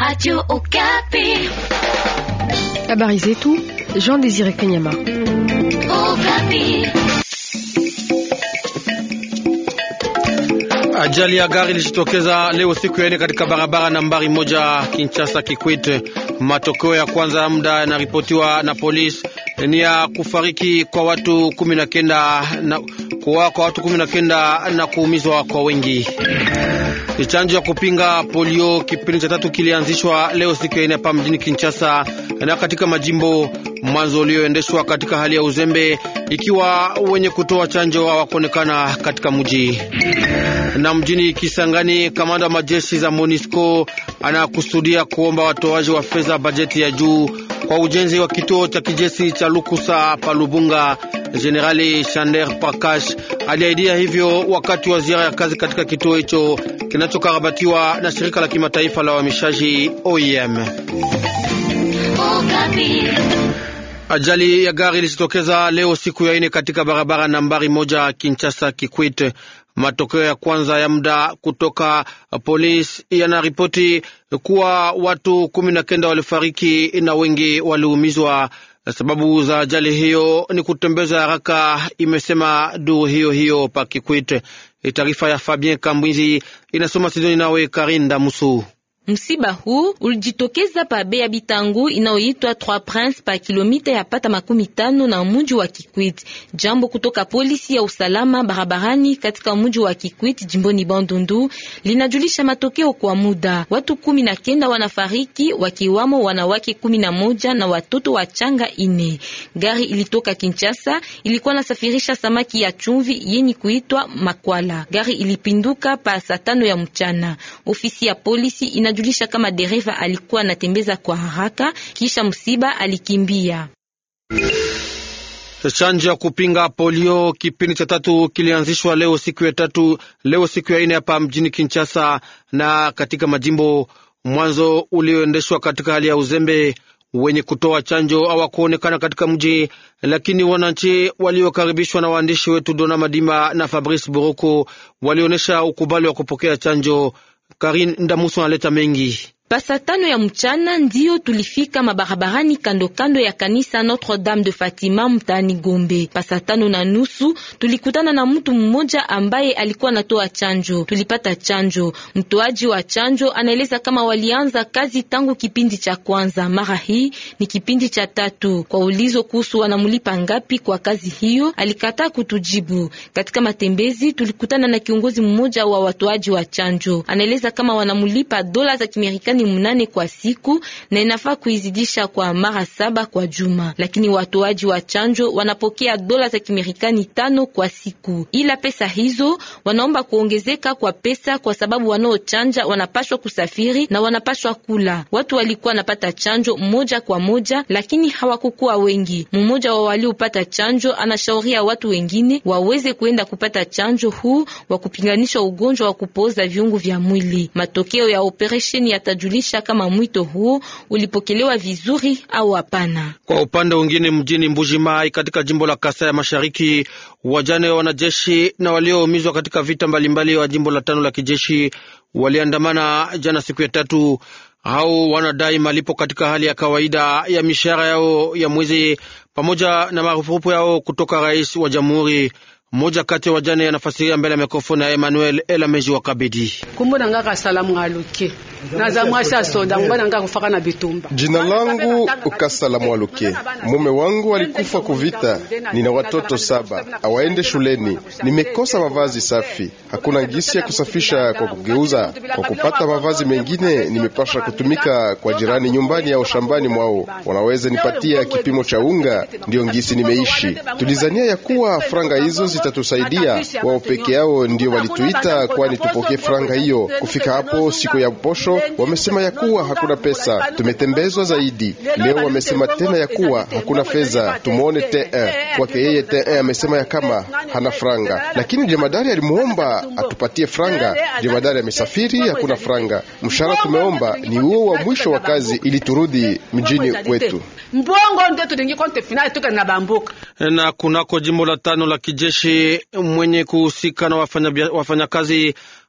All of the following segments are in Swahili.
Radio Okapi. Habari zetu Jean Désiré Kanyama. Okapi. Ajali ya gari ilijitokeza leo siku ya nne katika barabara nambari moja Kinshasa Kikwit. Matokeo ya kwanza ya muda yanaripotiwa na polisi ni ya kufariki kwa watu kumi na kenda na kuumizwa kwa wengi. Chanjo ya kupinga polio kipindi cha tatu kilianzishwa leo siku ya ine hapa mjini Kinshasa na katika majimbo mwanzo ulioendeshwa katika hali ya uzembe, ikiwa wenye kutoa chanjo hawakuonekana katika mji. Na mjini Kisangani, kamanda wa majeshi za MONUSCO anakusudia kuomba watoaji wa fedha bajeti ya juu kwa ujenzi wa kituo cha kijeshi cha Lukusa Palubunga. Generali Shander Prakash aliahidia hivyo wakati wa ziara ya kazi katika kituo hicho kinachokarabatiwa na shirika la kimataifa la uhamishaji OIM. E Ajali ya gari ilijitokeza leo siku ya ine katika barabara nambari moja Kinshasa Kikwit. Matokeo ya kwanza ya muda kutoka polisi yanaripoti kuwa watu kumi na kenda walifariki na wengi waliumizwa. Sababu za ajali hiyo ni kutembeza haraka, imesema duru hiyo hiyo Pakikwit. E, taarifa ya Fabien Kambwizi inasoma Sidoni nawe Karinda Musu. Msiba huu ulijitokeza pa Bea Bitangu inayoitwa Trois Princes pa kilomita ya pata makumi tano na mji wa Kikwit. Jambo kutoka polisi ya usalama barabarani katika mji wa Kikwit jimboni Bandundu linajulisha matokeo kwa muda. Watu kumi na kenda wanafariki wakiwamo wanawake kumi na moja na watoto wachanga ine. Gari ilitoka Kinshasa ilikuwa nasafirisha samaki ya chumvi yenye kuitwa makwala. Gari ilipinduka pa saa tano ya mchana. Ofisi ya polisi ina anajulisha kama dereva alikuwa anatembeza kwa haraka, kisha msiba alikimbia. Chanjo ya kupinga polio kipindi cha tatu kilianzishwa leo siku ya tatu, leo siku ya ine hapa mjini Kinshasa na katika majimbo. Mwanzo ulioendeshwa katika hali ya uzembe, wenye kutoa chanjo hawakuonekana katika mji, lakini wananchi waliokaribishwa na waandishi wetu Dona Madima na Fabrice Buruku walionyesha ukubali wa kupokea chanjo. Karin Ndamuso analeta mengi Pasa tano ya mchana ndiyo tulifika mabarabarani kando kando ya kanisa Notre Dame de Fatima mtaani Gombe. Pasa tano na nusu tulikutana na mtu mmoja ambaye alikuwa anatoa chanjo. Tulipata chanjo. Mtoaji wa chanjo anaeleza kama walianza kazi tangu kipindi cha kwanza, mara hii ni kipindi cha tatu. Kwa ulizo kuhusu wanamulipa ngapi kwa kazi hiyo, alikataa kutujibu. Katika matembezi tulikutana na kiongozi mmoja wa watoaji wa chanjo, anaeleza kama wanamulipa dola za Kimarekani toni mnane kwa siku na inafaa kuizidisha kwa mara saba kwa juma, lakini watoaji wa chanjo wanapokea dola za Kimarekani tano kwa siku, ila pesa hizo wanaomba kuongezeka kwa pesa kwa sababu wanaochanja wanapashwa kusafiri na wanapashwa kula. Watu walikuwa napata chanjo moja kwa moja, lakini hawakukuwa wengi. Mmoja wa waliopata chanjo anashauria watu wengine waweze kuenda kupata chanjo huu wa kupinganisha ugonjwa wa kupooza viungu vya mwili. Matokeo ya operesheni yataj kujulisha kama mwito huo ulipokelewa vizuri au hapana. Kwa upande mwingine, mjini Mbuji Mai katika jimbo la Kasai ya Mashariki, wajane wa wanajeshi na walioumizwa katika vita mbalimbali wa jimbo la tano la kijeshi waliandamana jana siku ya tatu. Hao wanadai malipo katika hali ya kawaida ya mishahara yao ya mwezi pamoja na marupurupu yao kutoka rais wa jamhuri. Mmoja kati ya wajane anafasiria mbele ya mikrofoni ya Emmanuel Elameji wa Kabedi. Jina langu la Mwaluke, mume wangu alikufa kuvita. Nina watoto saba awaende shuleni, nimekosa mavazi safi, hakuna ngisi ya kusafisha kwa kugeuza. Kwa kupata mavazi mengine, nimepasha kutumika kwa jirani nyumbani au shambani mwao, wanaweza nipatia kipimo cha unga, ndiyo ngisi nimeishi. Tulizania ya kuwa franga hizo zitatusaidia, wao peke yao ndio walituita, kwani tupokee franga hiyo. Kufika hapo siku ya posho kesho wamesema ya kuwa hakuna pesa. Tumetembezwa zaidi leo, wamesema tena ya kuwa hakuna fedha. Tumwone T1 e. kwake yeye, T1 e amesema ya kama hana franga, lakini jemadari alimwomba atupatie franga. Jemadari amesafiri, hakuna franga. Mshahara tumeomba ni huo wa mwisho wa kazi, ili turudi mjini kwetu. Na kunako jimbo la tano la kijeshi mwenye kuhusika na wafanyakazi wafanya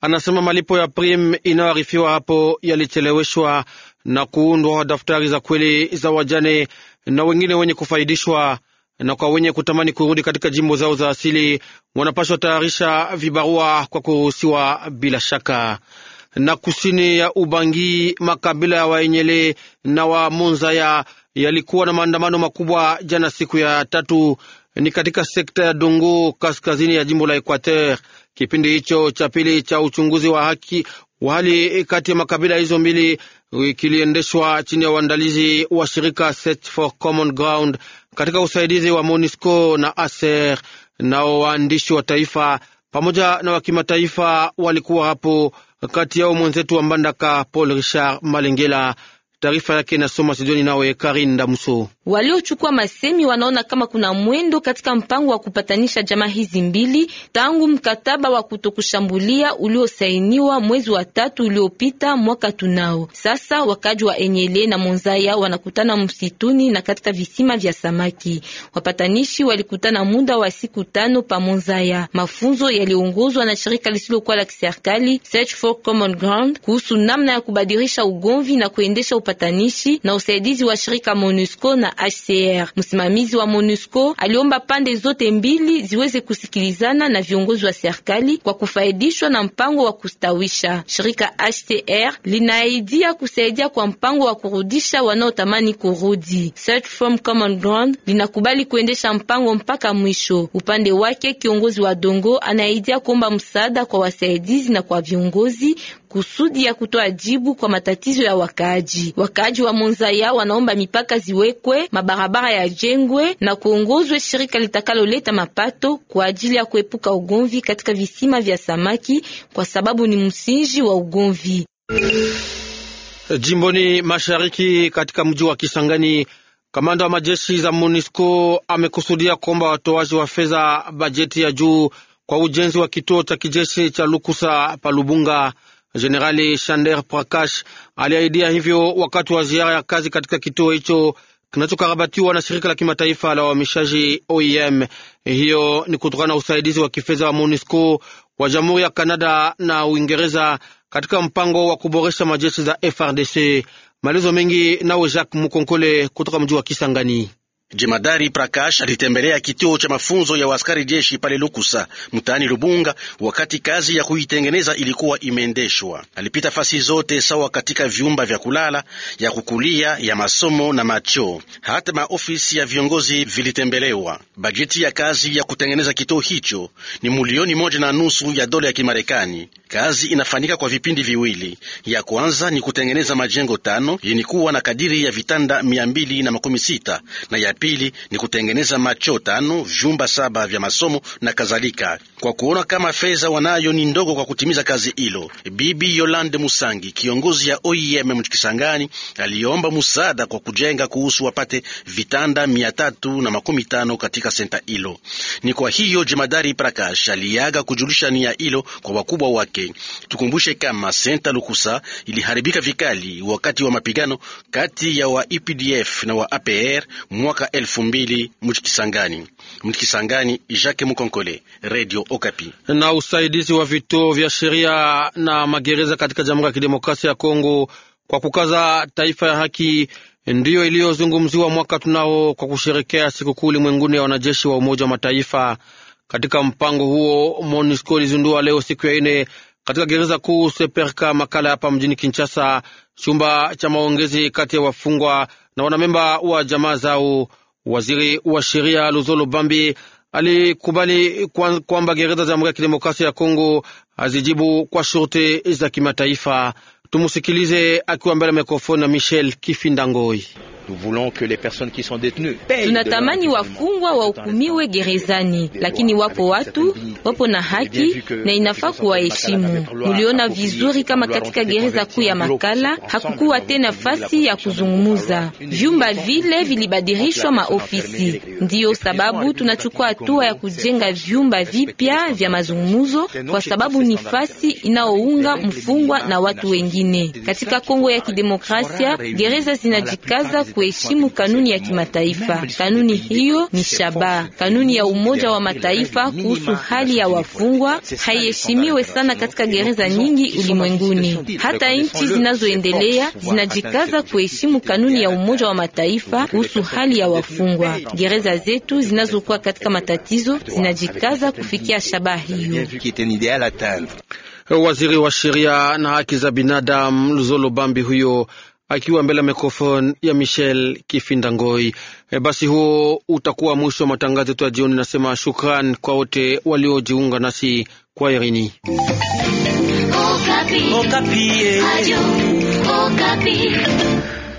Anasema malipo ya prim inayoarifiwa hapo yalicheleweshwa na kuundwa daftari za kweli za wajane na wengine wenye kufaidishwa, na kwa wenye kutamani kurudi katika jimbo zao za asili wanapaswa tayarisha vibarua kwa kuruhusiwa bila shaka. Na kusini ya Ubangi, makabila ya Waenyele na wa munzaya yalikuwa na maandamano makubwa jana siku ya tatu, ni katika sekta ya dungu kaskazini ya jimbo la Equateur. Kipindi hicho cha pili cha uchunguzi wa haki wa hali kati ya makabila hizo mbili eh, kiliendeshwa chini ya uandalizi wa shirika Search for Common Ground katika usaidizi wa MONUSCO na ASER. Nao waandishi wa taifa pamoja na wa kimataifa walikuwa hapo, kati yao mwenzetu wa Mbandaka Paul Richard Malengela. Taarifa yake inasoma studioni nawe Karin Damuso. Waliochukua masemi wanaona kama kuna mwendo katika mpango wa kupatanisha jamaa hizi mbili tangu mkataba wa kutokushambulia uliosainiwa mwezi wa tatu uliopita mwaka tunao. Sasa wakaji wa Enyele na Monzaya wanakutana msituni na katika visima vya samaki. Wapatanishi walikutana muda wa siku tano pa Monzaya. Mafunzo yaliongozwa na shirika lisilokuwa la kiserikali Search for Common Ground kuhusu namna ya kubadilisha ugomvi na kuendesha upatanishi na usaidizi wa shirika MONUSCO na HCR. Msimamizi wa MONUSCO aliomba pande zote mbili ziweze kusikilizana na viongozi wa serikali kwa kufaidishwa na mpango wa kustawisha. Shirika HCR linaidia kusaidia kwa mpango wa kurudisha wanaotamani kurudi. Search from Common Ground linakubali kuendesha mpango mpaka mwisho. Upande wake, kiongozi wa Dongo anaidia kuomba msaada kwa wasaidizi na kwa viongozi kusudi ya kutoa jibu kwa matatizo ya wakaaji. Wakaaji wa Monzaya wanaomba mipaka ziwekwe, mabarabara yajengwe na kuongozwe shirika litakaloleta mapato kwa ajili ya kuepuka ugomvi katika visima vya samaki, kwa sababu ni msingi wa ugomvi. Jimboni mashariki katika mji wa Kisangani, kamanda wa majeshi za MONUSCO amekusudia kuomba watoaji wa fedha bajeti ya juu kwa ujenzi wa kituo cha kijeshi cha Lukusa Palubunga. Jenerali Shander Prakash aliahidia hivyo wakati wa ziara ya kazi katika kituo hicho kinachokarabatiwa na shirika la kimataifa la uhamishaji OIM. E Hiyo ni kutokana na usaidizi wa kifedha wa MONUSCO wa Jamhuri ya Kanada na Uingereza katika mpango wa kuboresha majeshi za FRDC. Maelezo mengi nawe Jacques Mukonkole kutoka mji wa Kisangani. Jemadari Prakash alitembelea kituo cha mafunzo ya waskari jeshi pale Lukusa mtaani Lubunga wakati kazi ya kuitengeneza ilikuwa imeendeshwa. Alipita fasi zote sawa katika vyumba vya kulala, ya kukulia, ya masomo na macho. Hata maofisi ya viongozi vilitembelewa. Bajeti ya kazi ya kutengeneza kituo hicho ni milioni moja na nusu ya dola ya Kimarekani. Kazi inafanyika kwa vipindi viwili. Ya kwanza ni kutengeneza majengo tano yenye kuwa na kadiri ya vitanda mia mbili na makumi sita na ya pili ni kutengeneza macho tano, vyumba saba vya masomo na kadhalika, kwa kuona kama fedha wanayo ni ndogo kwa kutimiza kazi hilo. Bibi Yolande Musangi, kiongozi ya OIM Mchikisangani, aliomba msaada kwa kujenga kuhusu wapate vitanda mia tatu na makumi tano katika senta hilo. Ni kwa hiyo jemadari Prakash aliaga kujulisha nia hilo kwa wakubwa wake. Tukumbushe kama senta Lukusa iliharibika vikali wakati wa mapigano kati ya wa EPDF na wa APR mwaka elfu mbili mchikisangani mchikisangani. Jacques Mukonkole, Radio Okapi. Na usaidizi wa vituo vya sheria na magereza katika Jamhuri ya Kidemokrasia ya Kongo kwa kukaza taifa ya haki ndiyo iliyozungumziwa mwaka tunao kwa kusherekea sikukuu ulimwenguni ya wanajeshi wa Umoja wa Mataifa. Katika mpango huo MONUSCO ilizindua leo siku ya ine katika gereza kuu Seperka Makala hapa mjini Kinshasa, chumba cha maongezi kati ya wafungwa na wanamemba wa jamaa zao. Waziri wa sheria Luzolo Bambi alikubali kwamba gereza za Jamhuri ya Kidemokrasia ya Kongo hazijibu kwa shurte za kimataifa. Tumusikilize akiwa mbele ya mikrofoni na Michel Kifindangoi tunatamani wafungwa wahukumiwe gerezani, lakini wapo watu wapo na haki na inafaa kuwaheshimu. Tuliona vizuri kama katika gereza kuu ya Makala hakukuwa tena fasi ya kuzungumuza, vyumba vile vilibadirishwa maofisi. Ndiyo sababu tunachukua hatua ya kujenga vyumba vipya vya mazungumuzo, kwa sababu ni fasi inaounga mfungwa na watu wengine. Katika Kongo ya Kidemokrasia gereza zinajikaza ku kuheshimu kanuni ya kimataifa. Kanuni hiyo ni shaba Kanuni ya Umoja wa Mataifa kuhusu hali ya wafungwa haiheshimiwe sana katika gereza nyingi ulimwenguni. Hata nchi zinazoendelea zinajikaza kuheshimu kanuni ya Umoja wa Mataifa kuhusu hali ya wafungwa. Gereza zetu zinazokuwa katika matatizo zinajikaza kufikia shaba hiyo. Waziri wa sheria na haki za binadamu Luzolo Bambi huyo akiwa mbele ya mikrofoni ya Michel Kifindangoi. E, basi huo utakuwa mwisho wa matangazo yetu ya jioni. Nasema shukran kwa wote waliojiunga nasi kwa Irini Okapi. Okapi. Eh.